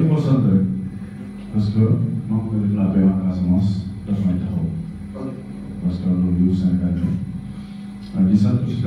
li ma sant rek parce que maa ngi koy def la paix en Casamance daf may taxaw parce que loolu Sénégal di sant